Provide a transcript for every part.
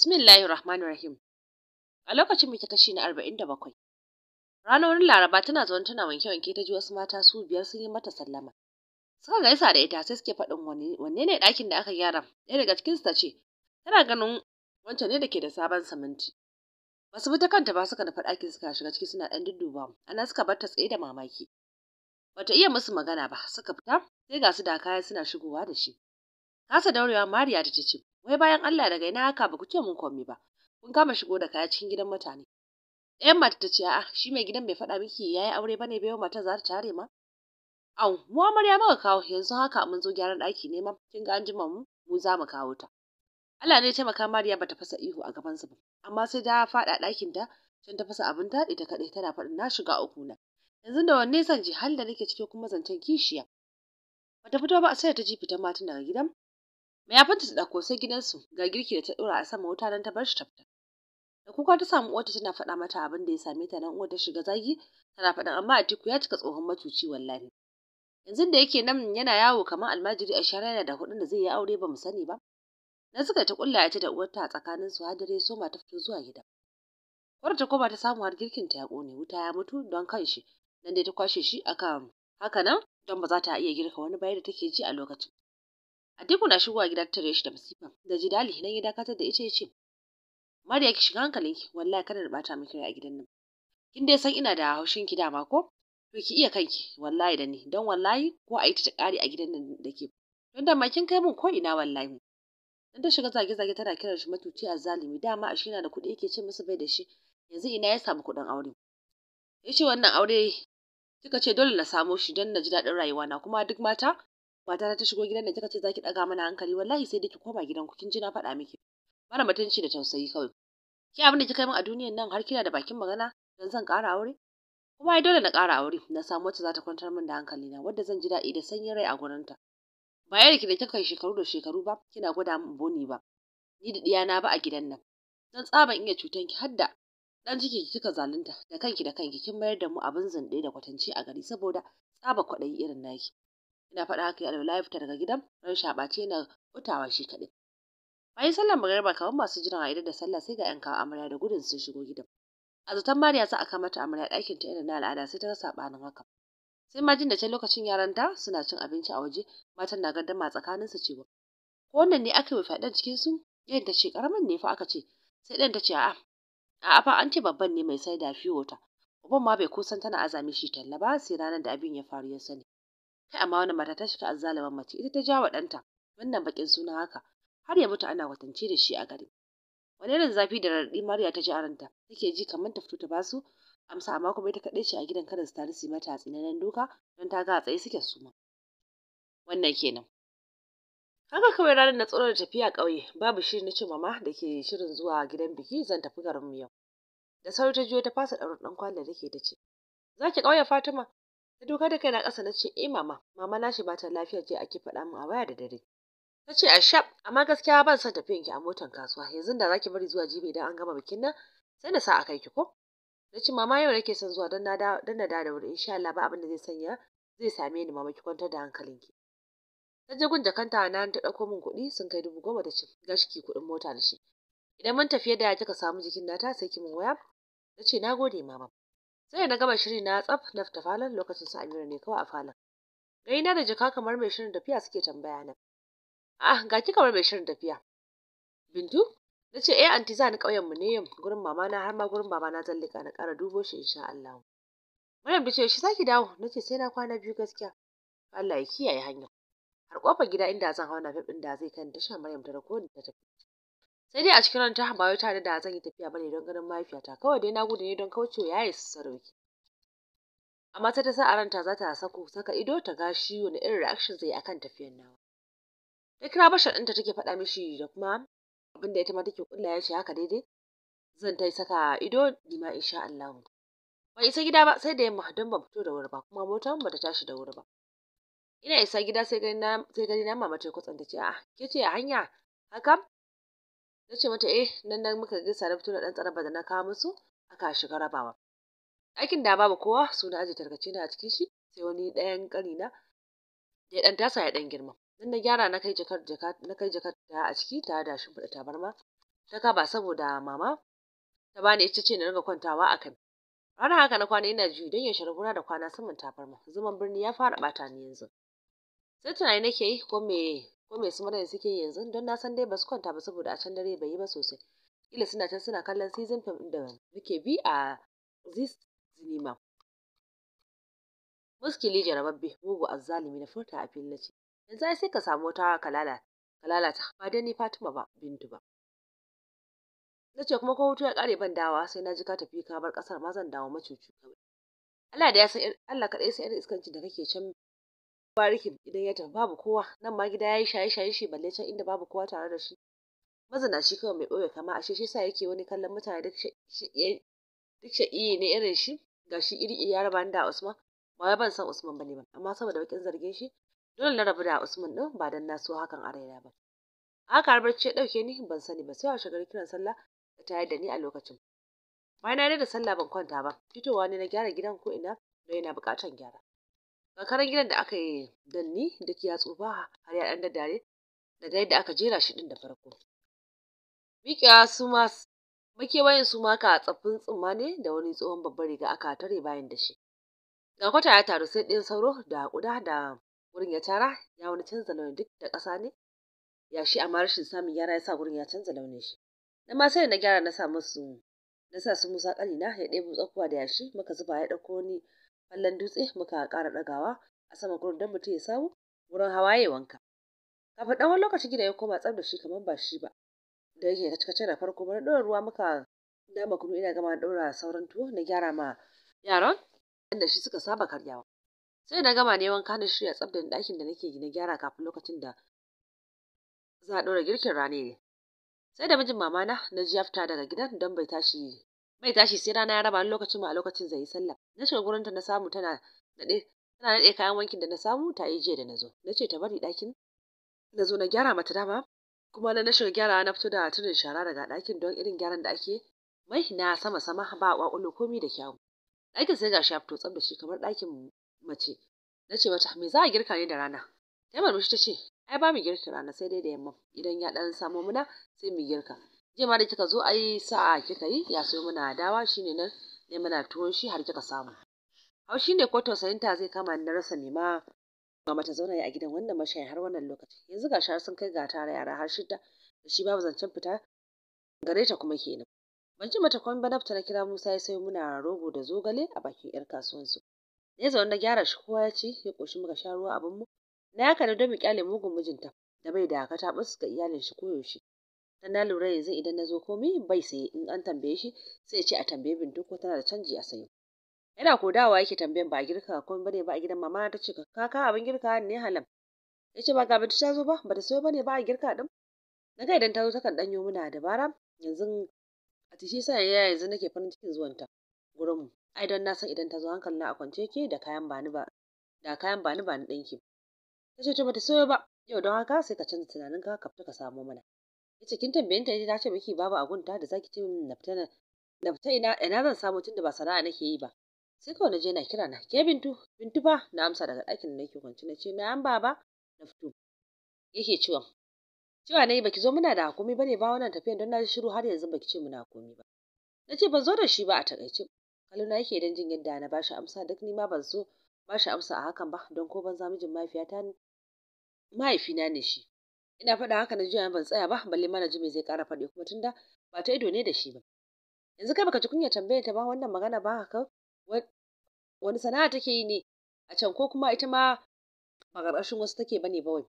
Bismillahir Rahmanir Rahim. A lokacin muke kashi na arba'in da 47. Ranar Laraba tana zaune tana wanke-wanke ta ji wasu mata su biyar sun yi mata sallama. Suka gaisa da ita sai suke faɗin wani wanne ne ɗakin da aka gyara. Ɗaya daga cikin su ta ce tana ganin wancan ne da ke da sabon siminti. Basu bi ta kanta ba suka nufa ɗakin suka shiga ciki suna ɗan dudduba. Ana suka bar ta tsaye da mamaki. Bata iya musu magana ba suka fita sai ga su da kaya suna shigowa da shi. Kasa daurewa Mariya ta ce Wai bayan Allah daga ina haka ba ku ce mun komai ba. Kun kama shigo da kaya cikin gidan mutane. Ɗayan mata ta ce a'a shi mai gidan bai faɗa miki yayi aure bane bai mata za ta tare ma. Au mu amarya muka kawo yanzu haka mun zo gyaran ɗaki ne ma kin ga an jima mu mu za mu kawo ta. Allah ne ya taimaka Mariya bata fasa ihu a su ba amma sai ta faɗa ɗakin ta can ta fasa abin daɗi ta kaɗai tana faɗin na shiga uku na. Yanzu da wanne san ji hal da nake cikin kuma zancen kishiya. Bata fito ba sai ta ji fitan matan daga gidan ya ta da sai gidansu ga girki da ta dora a sama wuta nan ta bar shi ta da kuka ta samu uwarta tana faɗa mata abin da ya same ta nan uwar ta shiga zagi tana faɗan. amma Atiku ya cika tsohon matuci wallahi yanzu da yake nan yana yawo kamar almajiri a shara yana da kuɗin da zai yi aure ba mu sani ba na suka ta kulla ita da uwarta a tsakanin su har so ma ta fito zuwa gida uwar ta koma ta samu har girkin ta ya kone wuta ya mutu don kanshi, shi nan dai ta kwashe shi akan haka nan don ba za ta iya girka wani bayan da take ji a lokacin Atiku na shigowa gida ta tare shi da masifa da jidali nan ya dakatar da ita ya ce Mariya ki shiga hankalinki wallahi kada da bata miki rai a gidan nan kin dai san ina da haushin ki dama ko to ki iya kanki wallahi da ni dan wallahi ko a yi ta kare a gidan nan da ke don da ma kin kai mun ko ina wallahi dan ta shiga zage zage tana kiran shi matuci a zalimi dama a shina da kuɗi yake ce masa bai da shi yanzu ina ya samu kuɗin aure yace wannan aure kika ce dole na samo shi don na ji daɗin rayuwa na kuma duk mata mata ta shigo gidan da kika ce zaki daga mana hankali wallahi sai da ki koma gidan ku kin ji na faɗa miki mara mutunci da tausayi kawai ki abin da kika min a duniyar nan har kina da bakin magana dan zan ƙara aure kuma ai dole na ƙara aure na samu wacce za ta kwantar min da hankali na wadda zan ji daɗi da sanyin rai a ta ba yadda ki da kika kai shekaru da shekaru ba kina gwada min boni ba ni da na ba a gidan nan dan tsaban iya cutan ki har da dan ciki kika zalunta da kanki da kanki kin mayar da mu abin zande da kwatance a gari saboda tsaba kwaɗayi irin naki ina faɗa haka ya alwala ya fita daga gidan ran shaɓace na hutawa shi kaɗai bayan sallar magariba kamar masu jiran a da sallah sai ga yan kawo amarya da gudun sun shigo gidan a zaton mariya za a kama mata amarya ɗakin ta irin na al'ada sai ta rasa banin haka sai ma jin da can lokacin yaran ta suna cin abinci a waje matan na gardama tsakanin su cewa ko wannan ne aka yi faɗan cikin su yayin ta ce karamin ne fa aka ce sai ɗan ta ce a'a a'a fa an ce babban ne mai sai da ta. uban ma bai kusan tana azami shi talla ba sai ranar da abin ya faru ya sani kai amma wannan mata ta shiga mace ita ta jawa ɗanta wannan bakin suna haka har ya mutu ana kwatance da shi a gari wani irin zafi da raɗaɗi Mariya ta ji a ranta take ji kamar ta fito ta basu amsa amma kuma ita kaɗai ce a gidan karin ta tare mata tsinanan duka don ta ga tsaye suke suma wannan kenan haka kawai ranar na tsoron tafiya ƙauye babu shiri na ce mama da ke shirin zuwa gidan biki zan tafi garinmu yau da sauri ta juyo ta fasa ɗaurin ɗan kwallon da ke ta ce za ki ƙauye fatima ta dokar da na ƙasa na ce, "Eh mama, mama na shi bata lafiya je ake faɗa min a waya da dare." Ta ce, "Ashab, amma gaskiya ban son tafiyan ki a motan kasuwa. Yanzu da zaki bari zuwa jibi idan an gama bikin nan, sai na sa a kai ki ko?" Na ce, "Mama yau nake son zuwa don na da na da wuri insha Allah ba abin da zai sanya zai same ni mama ki kwantar da hankalinki." Ta je gun jakanta na ta dauko min kuɗi sun kai dubu goma da ce, "Gashi ki kuɗin mota da shi." Idan mun tafi yadda kika samu jikin nata sai ki min waya. Na ce, "Na gode mama." sai na gama shiri na tsaf na fita falon lokacin su Amira ne kawai a falon gani na da jaka kamar mai shirin tafiya suke tambaya na ah ga ki kamar mai shirin tafiya bintu na ce eh anti za ni ƙauyen mu ne yam gurin mama na har ma gurin baba na zallika na ƙara dubo shi insha Allah Maryam ta ce shi zaki dawo na ce sai na kwana biyu gaskiya Allah ya kiyaye hanya har kofar gida inda zan hauna fifin da zai kan tasha Maryam ta rako ta tafi sai dai a cikin ran ta ba wai da zan yi tafiya bane don ganin mahaifiyata kawai dai na gudu ne don kaucewa yaye sarauki amma sai ta sa a ranta za ta sako saka ido ta gashi wani irin reaction zai akan tafiyar nawa ta kira bashar ɗinta take faɗa mishi da kuma abinda ita ma take kulla ya ce haka daidai zan ta saka ido nima insha Allah ban isa gida ba sai da yamma don ban fito da wuri ba kuma motar ba ta tashi da wuri ba ina isa gida sai gani na sai gani na mama ta kwatsan ta ce a ke ce a hanya haka Ta ce mata eh nan nan muka gaisa na fito da ɗan tsaraba da na kawo musu aka shiga rabawa ɗakin da babu kowa suna aji tarkace na a cikin shi sai wani ɗayan ƙari na ya dan tasa ya dan girma nan na gyara na kai jakar jaka na kai jakar ta a ciki tare da shimfiɗa tabarma ta kaba saboda mama ta bani ita ce na riga kwantawa a kai. ranar haka na kwana ina juyi don ya sharguna da kwana saman tabarma zaman birni ya fara bata ni yanzu sai tunani nake yi ko me ko me su Maryam suke yanzu don na san dai ba su kwanta ba saboda a can dare bai yi ba sosai kila suna can suna kallon season film da muke bi a zis cinema muskili jarababbe mugu azzalumi na furta a fili ce yanzu ai sai ka samu wata kalala kalala ba dai ni Fatima ba bintu ba na ce kuma ko hutu ya kare ban dawa sai na ji ka tafi ka bar kasar ma zan dawo macucu kawai Allah da ya san Allah kaɗai sai irin iskancin da kake can rikin, idan ya tafi babu kowa nan ma gida ya yi shaye shaye shi balle can inda babu kowa tare da shi shi kawai mai ɓoye kama ashe shi sa yake wani kallon mutane duk sha'iyi ne irin shi gashi iri iri ya raba ni da Usman ba wai ban san Usman bane ba amma saboda bakin zargin shi dole na rabu da Usman din ba dan na so hakan a raina ba haka har barci ya dauke ni ban sani ba sai a shagari kiran sallah ta tayar da ni a lokacin bayan na da sallah ban kwanta ba fitowa ne na gyara gidan ko ina don yana buƙatar gyara kakarar gidan da aka yi danni duk ya tsufa har ya ɗan daddare daga yadda aka jera shi ɗin da farko mikiya su ma makewayin su ma ka tsaffin tsumma ne da wani tsohon babbar riga aka tare bayan da shi ga kwata ya taru sai ɗin sauro da ƙuda da wurin ya tara ya wani canza launin duk da ƙasa ne ya shi amma rashin samun yara ya sa wurin ya canza launin shi na ma sai na gyara na sa musu na sa su musa ƙalina ya ɗebo tsakuwa da yashi muka zuba ya ɗauko wani Fallon dutse muka ƙara ɗagawa a sama gurin don mutum ya samu wurin hawa ya wanka kafin ɗan wani lokaci ya koma tsaf da shi kamar ba shi ba da yake ta cika da farko bari ɗora ruwa muka dama kuma ina gama ɗora sauran tuwo na gyara ma Yaron, da shi suka saba karyawa sai na gama ne wanka na shirya tsaf da ɗakin da nake gina gyara kafin lokacin da za a ɗora girkin rane ne sai da mijin mamana na ji ya fita daga gidan don bai tashi Mai tashi sai rana ya raba lokacin ma a lokacin zai yi sallah na shiga gurin na samu tana nade tana nade kayan wankin da na samu ta yi jiya da na zo na ce ta bari ɗakin na zo na gyara mata dama kuma na shiga gyara na fito da tunin shara daga ɗakin don irin gyaran da ake mai na sama sama ba kwakwalo komi da kyawu ɗakin sai gashi ya fito tsaf da shi kamar ɗakin mace na ce mata me za a girka ne da rana ta murmushi ta ce ai ba mu girka rana sai dai da yamma idan ya ɗan samu muna sai mu girka jiya ma da kika zo ai sa'a kika yi ya so muna dawa shine nan ne muna tuwon shi har kika samu haushi ne ko tausayinta zai kama na rasa ne ma ga mata zauna a gidan wannan mashayin har wannan lokaci yanzu ga shi sun kai ga tara yara har shida da shi babu zancen fita gare ta kuma kenan ban ji mata komai ba na kira Musa ya sayo muna rogo da zogale a bakin yar kasuwansu ne zaune na gyara shi kowa ya ci ya koshi muka sha ruwa abin mu na yaka da don mu kyale mugun mijinta da bai da ka su ga iyalin shi koyaushe dan na lura yanzu idan na zo komai bai sayi in an tambaye shi sai ya ce a tambaye bintu ko tana da canji a sayo yana ko dawa yake tambayan ba a girka ko ba ne ba a gidan mama ta ce "Ka kaka abin girka ne halam ya ce ba ga bintu ta zo ba ba ta sayo ba ne ba a girka din na ga idan ta zo takan danyo muna dabara yanzu a tishi sa ya yanzu nake farin cikin zuwanta gurin mu ai don na san idan ta zo hankali na a kwance ke da kayan bani ba da kayan bani ba ni ta ce ba bata sayo ba yau don haka sai ka canza tunanin ka ka fita ka samo mana yace kin tambayin ta ta ce miki babu agunta da zaki ci min na fita ina ina zan samu tun da ba sana'a nake yi ba sai kawai naje na kira na ke bintu bintu fa na amsa daga ɗakin da nake kwance na ce na an baba na fito yake cewa cewa yi baki zo muna da hakumi bane ba wannan tafiyan don na ji shiru har yanzu baki ce muna komai ba na ce ban zo da shi ba a takaice kaluna yake dan jin yadda na bashi amsa duk ni ma ban so bashi amsa a hakan ba don ko banza mijin mahaifiyata mahaifina ne shi ina faɗa haka na jiya ban tsaya ba balle mana ji me zai ƙara faɗi kuma tunda ba ta ido ne da shi ba yanzu kai baka ci kunya tambayar ta ba wannan magana ba haka wani sana'a take yi ne a can ko kuma ita ma ba ƙarƙashin wasu take bane ba wai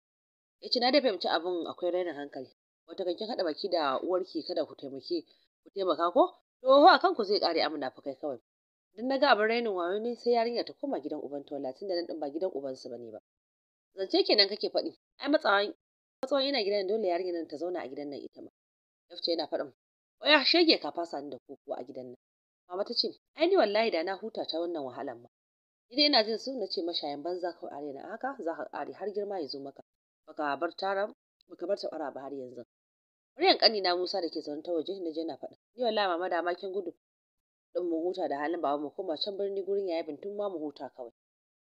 ya ce na da fahimci abin akwai rainin hankali wata kankin haɗa baki da uwarki kada ku taimake ku taimaka ko to a kanku zai ƙare amina fa kai kawai dan ga abin rainin wayo ne sai yarinya ta koma gidan uban ta wallahi tunda nan din ba gidan uban su bane ba zance kenan kake faɗi ai matsawa tsawon yana gidan dole yarinyar nan ta zauna a gidan nan ita ma ya yana faɗin oya shege ka fasa ni da koko a gidan nan mama ta ce ai ni wallahi da na huta ta wannan wahalan ma Idan ina jin su na ce mashayan banza ka are na haka za ka ƙare har girma ya zo maka baka bar tara baka bar ba har yanzu Muryan ƙani na Musa da ke zaune ta waje na je na faɗa ni wallahi mama da kin gudu din mu huta da halin baba mu koma can birni gurin yayi bintun ma mu huta kawai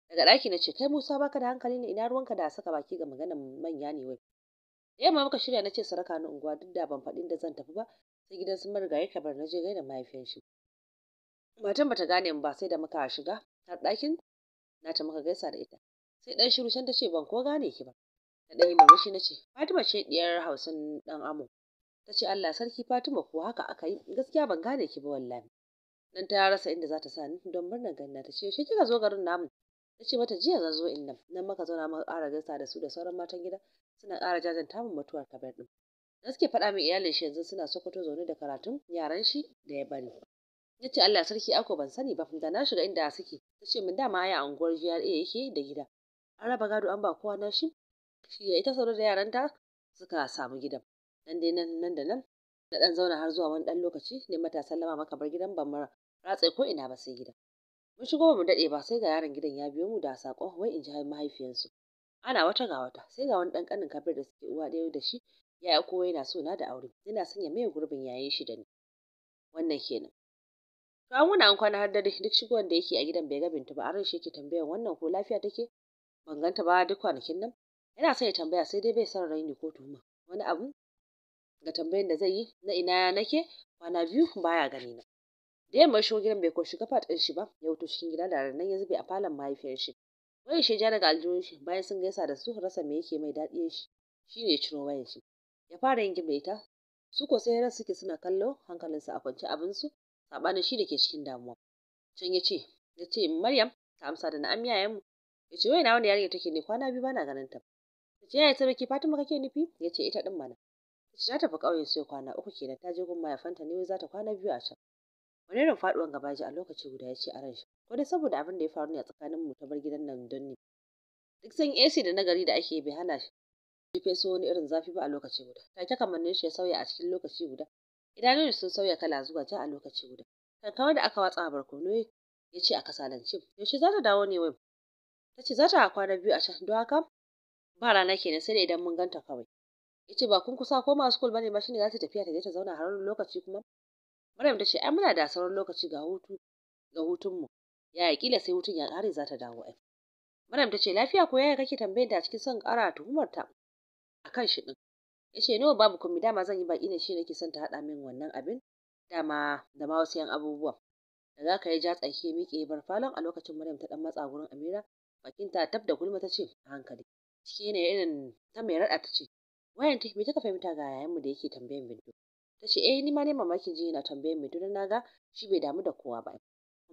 daga ɗaki na ce kai Musa baka da hankali ne ina ruwanka da saka baki ga maganar manya ne wai yamma muka shirya na ce saraka na unguwa duk da ban faɗi da zan tafi ba sai gidan su ka bar na je gaida mahaifiyar shi matan bata gane mu ba sai da muka shiga har ɗakin ta muka gaisa da ita sai ɗan shiru can ta ce ban ko gane ki ba na ɗan yi murmushi na ce Fatima ce diyar Hausan ɗan amo ta ce Allah sarki Fatima ko haka aka yi gaskiya ban gane ki ba wallahi dan ta rasa inda za ta sa ni don murnar ganna ta ce shi kika zo garin namu Ta ce mata jiya zan zo in nan nan maka zauna mun ƙara gasa da su da sauran matan gida suna ƙara jajanta min mutuwar kabar ɗin da suke faɗa min iyalin shi yanzu suna sokoto zaune da karatun yaran shi da ya bari. ya ce Allah sarki ako ban sani ba da na shiga inda suke ta ce min dama aya unguwar GRA yake da gida an raba gado an ba kowa na shi shi ya ita sauran da yaran ta suka samu gidan nan dai nan da nan na dan zauna har zuwa wani dan lokaci ne matasan lama maka bar gidan ban mara ratse ko ina ba sai gidan Mun shigo ba mu daɗe ba sai ga yaron gidan ya biyo mu da sakon wai in ji mahaifiyarsu. Ana wata ga wata sai ga wani dan kanin kafin da suke uwa ɗaya da shi ya kowa yana so na da aure yana sanya ya maye gurbin yayin shi da ni. Wannan kenan. To an wuna an kwana har dare duk shigowar da yake a gidan bai ga Bintu ba a ran yake tambayar wannan ko lafiya take ban ganta ba duk kwanakin nan. Yana son ya tambaya sai dai bai son raini ko tuhuma wani abu ga tambayan da zai yi na ina nake kwana biyu baya gani na. da yamma shi gidan bai ko shiga fat ɗin shi ba ya wuto cikin gida da nan ya zube a falon mahaifiyar shi wayar shi ja daga aljihun shi bayan sun gaisa da su rasa me yake mai daɗi shi shine ya ciro wayan shi ya fara yin gimbe ita su ko sai ran suke suna kallo su a kwance abin su sabanin shi dake cikin damuwa can ya ce maryam ta amsa da na'am yayan mu ya ce na wanda yarinya take ne kwana biyu bana ganin ta ta yaya sarki fatima kake nufi ya ce ita din mana ta tafi kauye sai kwana uku kenan ta je gun mahaifanta ne za ta kwana biyu a can Wani irin faɗuwar gaba ji a lokaci guda ya ce a ranshi. ko dai saboda abin da ya faru ne a mu ta bar gidan nan don ni. Duk san AC da nagari da ake bi bai hana shi feso wani irin zafi ba a lokaci guda. Ta Take kamannin shi ya sauya a cikin lokaci guda. Idanun sun sauya kala zuwa ja a lokaci guda. Kankawar da aka watsa a barkono ya ce a kasalance. Yaushe za ta dawo ne wai? Ta ce za ta kwana biyu a can don haka ba rana kenan sai da idan mun ganta kawai. Ya ce ba kun kusa koma school bane ba shine za ta tafiya ta je ta zauna har wani lokaci kuma. Maryam ta ce ai muna da sauran lokaci ga hutu ga hutunmu. Yaya kila sai hutun ya kare za ta dawo ai. Maryam ta ce lafiya ko yaya kake tambayar da cikin son ƙara tuhumar ta akan shi din. Ya ce nawa babu komai dama zan yi baki da shi nake son ta haɗa min wannan abin dama da ma wasu yan abubuwan. Da za ka yi ja tsaki miƙe bar falon a lokacin Maryam ta ɗan matsa gurin Amira bakin ta tab da gulma ta ce a hankali. Cikin yanayin irin ta mai raɗa ta ce wayan ta me kika fahimta ga yayanmu da yake tambayan Bintu. ta ce eh ni ma ne mamakin ji na tambaye mai don na ga shi bai damu da kowa ba ban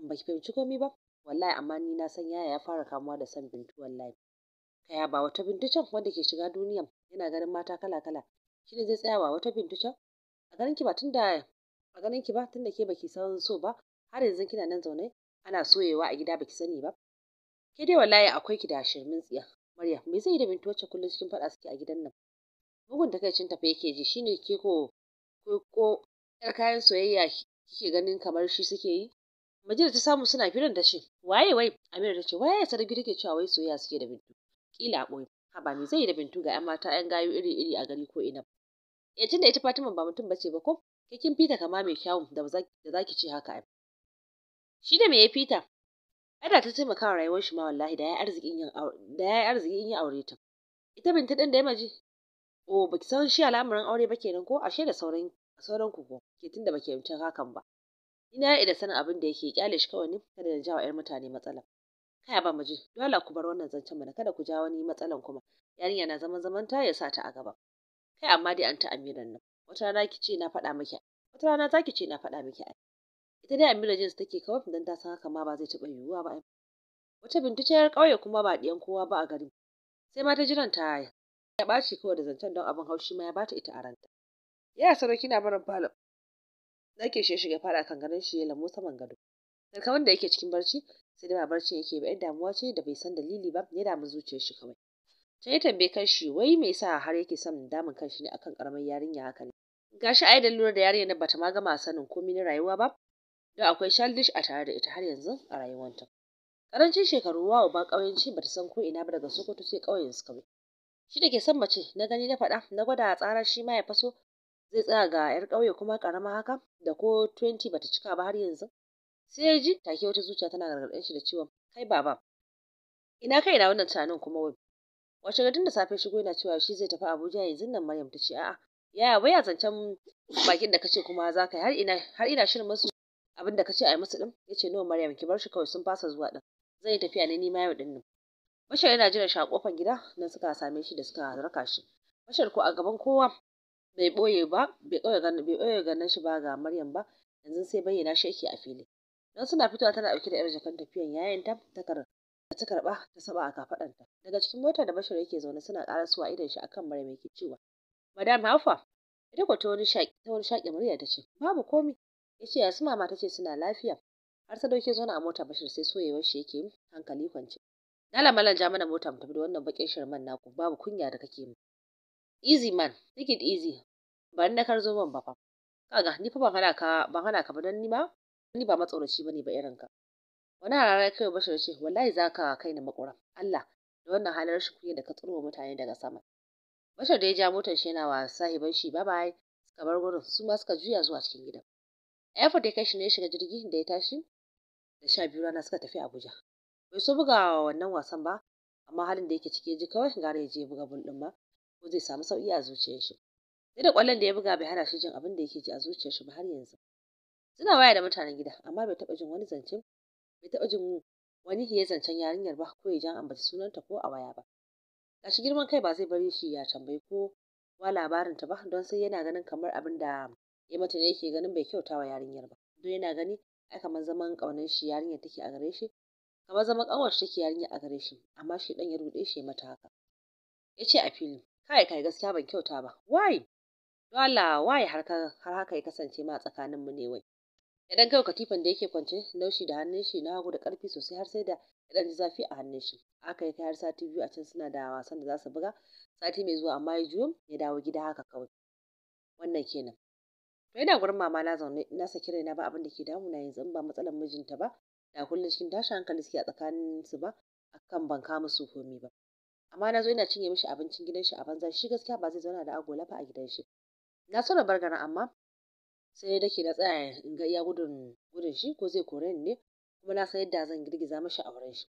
baki fahimci komai ba wallahi amma ni na san yaya ya fara kamuwa da san bintu wallahi kaya ba wata bintu wanda ke shiga duniyan yana ganin mata kala kala shi ne zai tsaya ba wata bintu a ganin ki ba tunda a ganin ki ba tunda ke baki san so ba har yanzu kina nan zaune ana soyewa a gida baki sani ba ke dai wallahi akwai ki da shirmin tsiya Maryam me zai da bintu wacce kullum cikin faɗa suke a gidan nan mugun takaicin tafe yake ji shine ke ko ko yar kayan soyayya kike ganin kamar shi suke yi Majida ta samu suna filin ta shi. waye wai Amira ta ce waye sarki take cewa wai soyayya suke da Bintu kila a boye haba me zai yi da Bintu ga 'yan mata 'yan gayu iri iri a gari ko ina eh tunda ita Fatima ba mutum bace ba ko kai kin fita kama mai kyawun da da zaki ce haka ai shi da me ya fita ada ta taimaka wa rayuwar shi ma wallahi da ya arzikin yin da ya yin aure ta ita Bintu din da ya maji o oh, baki san shi al'amarin aure ba kenan ko ashe da sauran sauran ku ko ke tunda baki yamcin hakan ba ina ya da sanin abin da yake kyale shi kawai ne kada da jawo yar mutane matsala kai ba miji dole ku bar wannan zancen mana kada ku ja wani matsalan kuma yarinya na zaman zaman ta ya sa ta a gaba kai amma dai an ta amiran nan wata rana ki ce na faɗa miki wata rana za ki ce na faɗa miki ai ita dai Amina jinsu take kawai dan ta san haka ma ba zai taɓa yiwuwa ba wata bintu ce ƙauye kuma ba ɗiyan kowa ba a garin sai ma ta jiran ta ya ɓaci kawai da zancen don abin haushi ma ya bata ita a ranta ya sarauki na barin falon ke shi shiga fara kan ganin shi ya lamo saman gado daga wanda yake cikin barci sai dai barci barcin yake ba damuwa ce da bai san dalili ba ya damu zuciyar shi kawai can ya tambaye kan shi wai me sa har yake son damun kan shi ne akan karamar yarinya haka ne gashi ai da lura da yarinya na bata ma gama sanin komai na rayuwa ba da akwai shaldish a tare da ita har yanzu a rayuwanta karancin shekaru wawa ba ƙauyenci bata san ko ina ba daga sokoto sai ƙauyen su kawai shi da ke son mace na gani na faɗa na gwada a tsara shi ma ya faso zai tsaya ga yar ƙauye kuma ƙarama haka da ko 20 bata cika ba har yanzu sai ya ji take wata zuciya tana gargaɗin shi da ciwon kai baba ina kai na wannan tunanin kuma wai wace gadin da safe shigo yana cewa shi zai tafi Abuja yanzu nan Maryam ta ce a'a yaya baya zancen bakin da kace kuma za ka har ina har ina shirin musu abinda da kace a yi musu din yace no Maryam ki bar shi kawai sun fasa zuwa din yi tafiya ne ni ma yau din nan Bashar yana jiran shi a kofar gida nan suka same shi da suka raka shi. Bashar ko a gaban kowa bai boye ba bai boye ganin shi ba ga Maryam ba yanzu sai bayyana shi yake a fili. Don suna fitowa tana ɗauke da 'yar jakan tafiyan yayin ta kar ta karɓa ta saba a kafaɗanta. Daga cikin mota da Bashar yake zaune suna ƙara suwa idon shi akan Maryam yake cewa Madam hafa ita ko ta wani shaƙi murya ta ce babu komai, ya ce yasu mama ta ce suna lafiya har ta dauke zaune a mota Bashir sai soyewar shi yake hankali kwance Dala malam ja mana mota mu tafi da wannan bakin shirman naku babu kunya da kake mu. Easy man, take it easy. Ba na karzo ban ba fa. Kaga ni fa ban ka ban hana ka ba dan ni ba ni ba matsoraci bane ba irin ka. Wani harara kai bashir ce wallahi zaka kai ni makura. Allah da wannan halin rashin kunya da ka tsoro mutane daga sama. bashar da ya ja motar shi yana wa sahiban shi bye bye suka bar gurin su ma suka juya zuwa cikin gidan. da ya kai shi ne shiga jirgi da ya tashi da sha biyu rana suka tafi Abuja. bai so bugawa wannan wasan ba amma halin da yake ciki ji kawai gara ya je buga bun din ba ko zai samu sauki a zuciyar shi sai da kwallon da ya buga bai hana shi jin abin da yake ji a zuciyar shi ba har yanzu suna waya da mutanen gida amma bai taba jin wani zancen bai taba jin wani zancen yarinyar ba ko ya jan ambaci sunanta ko a waya ba gashi girman kai ba zai bari shi ya tambayi ko wa labarin ta ba don sai yana ganin kamar abin da ya mata ne yake ganin bai kyauta wa yarinyar ba don yana gani ai kamar zaman kaunar shi yarinyar take a gare shi kamar zama ƙanwar take yarinya a gare shi amma shi dan ya ruɗe shi mata haka yace a fili kai kai gaskiya ban kyauta ba wai dole wai har haka ya kasance ma tsakanin mu ne wai idan kai katifan da yake kwance laushi da hannun shi na hagu da karfi sosai har sai da ya ji zafi a hannun shi aka yi ta har sati biyu a can suna da wasan da za su buga sati mai zuwa amma ya juyo ya dawo gida haka kawai wannan kenan to yana gurin mama na zaune na saki raina ba abin da ke damuna yanzu ba matsalar mijinta ba da kullum cikin tashin hankali suke a tsakanin su ba akan ban kama su komai ba amma na zo ina cinye mishi abincin gidan shi a banza shi gaskiya ba zai zauna da agola ba a gidan shi na so na bar gana amma sai da ke na tsaya in ga iya gudun gudun shi ko zai kore ni ne kuma na san yadda zan girgiza mishi auren shi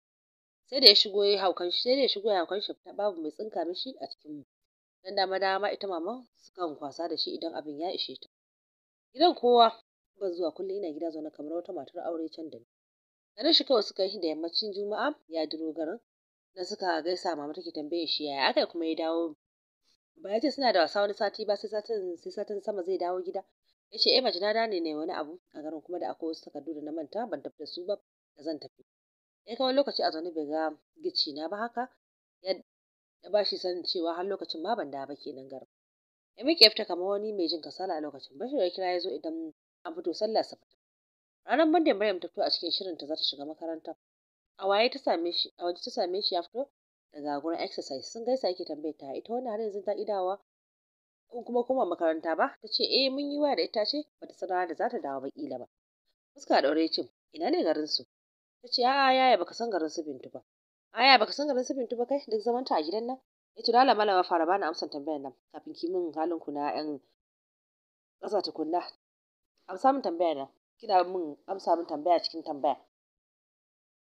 sai da ya shigo ya haukan shi sai da ya shigo ya haukan shi babu mai tsinka mishi a cikin mu dan dama dama ita mama sukan kwasa da shi idan abin ya ishe ta gidan kowa ban zuwa kullum ina gida zaune kamar wata matar aure can da ni ganin shi kawai suka yi da yammacin juma'a ya duro garin nan suka gaisa mama take tambaye shi yaya aka kuma ya dawo ba ya ce suna da wasa wani sati ba sai satin sai sama zai dawo gida ya ce eh na dane ne wani abu a garin kuma da akwai wasu takardu da na manta ban tafi da su ba da zan tafi ya kawai lokaci a zaune bai ga gici na ba haka ya ba shi sanin cewa har lokacin ma ban da ba kenan garin ya miƙe fita kamar wani mai jin kasala a lokacin bashir ya kira ya zo idan an fito sallah sa Ranar banda Maryam ta fito a cikin shirinta za ta shiga makaranta. A waye ta same shi, a waje ta same shi ya fito daga gurin exercise. Sun gaisa yake tambayar ta ita wannan har yanzu ta idawa in kuma koma makaranta ba ta ce eh mun yi waya da ita ce bata san da zata ta dawo ba kila ba. Fuska daure cin ina ne garin su? Ta ce a'a yaya baka san garin su Bintu ba. Aya baka san garin su Bintu ba kai duk zaman ta a gidan nan. Ya ce dole malama fara bani amsan tambayar nan kafin ki min halin ku na 'yan ƙasa tukunna. Amsa min tambayar nan. kina min amsa min tambaya cikin tambaya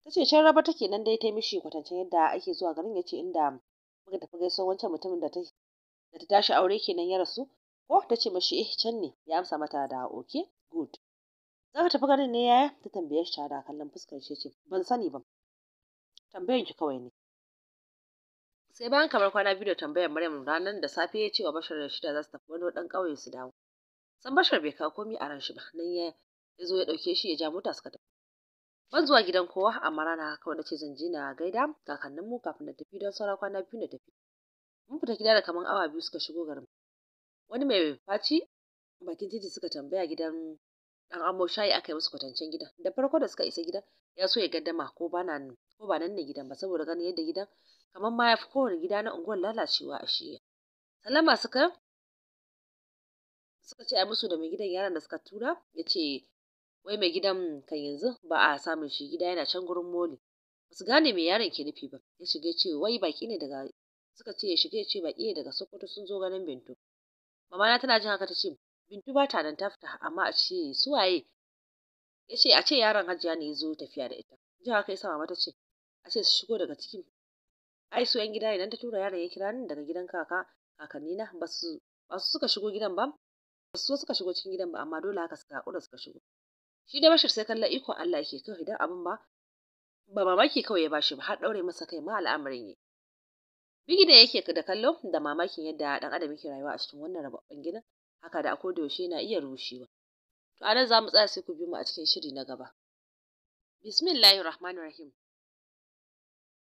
ta ce can raba take nan dai ta mishi kwatancin yadda ake zuwa garin ya ce inda muka tafi gaisuwar wancan mutumin da ta da ta tashi aure kenan ya rasu ko ta ce mashi eh can ne ya amsa mata da okay good za ka tafi garin ne yaya ta tambaye shi da kallon fuskar shi ce ban sani ba tambayan ki kawai ne sai bayan kamar kwana biyu da tambayar Maryam ranar da safe ya ce wa Bashar da shida za su tafi wani dan kauye su dawo san Bashar bai kawo komai a ran shi ba nan ya ya zo ya ɗauke shi ya ja mota suka tafi ban zuwa gidan kowa amma rana kawai na ce zan je na gaida kakannin mu kafin na tafi don saura kwana biyu na tafi mun fita gida da kamar awa biyu suka shigo garin wani mai faci bakin titi suka tambaya gidan dan amo shayi aka yi musu kwatancen gidan da farko da suka isa gidan ya so ya gaddama ko ba nan ko ba nan ne gidan ba saboda ganin yadda gidan kamar ma ya fi kowane gida na unguwar lalacewa a shiya salama suka suka ce a musu da mai gidan yaran da suka tura ya ce wai mai gidan kan yanzu ba a samun shi gida yana can gurin moli basu gane me yaron ke nufi ba ya shiga ce wai baki ne daga suka ce ya shiga ya ce baki ne daga sokoto sun zo ganin bintu Mama na tana jin haka ta ce bintu ba ta nan ta fita amma a ce su waye ya ce a ce yaron hajiya ne ya zo tafiya da ita jin haka ya sa mama ta ce a ce su shigo daga cikin ai su yan gida ne nan ta tura yaron ya kira ni daga gidan kaka kakanni na basu basu suka shigo gidan ba su suka shigo cikin gidan ba amma dole haka suka haƙura suka shigo shi da bashir sai kalla ikon Allah ke kawai idan abin ba ba mamaki kawai ya bashi ba har daure masa kai ma al'amarin yi bigi da yake da kallo da mamakin yadda dan adam yake rayuwa a cikin wannan rababban gidan haka da akoda yaushe yana iya rushewa to anan za mu tsaya sai ku bi mu a cikin shiri na gaba bismillahir rahmanir rahim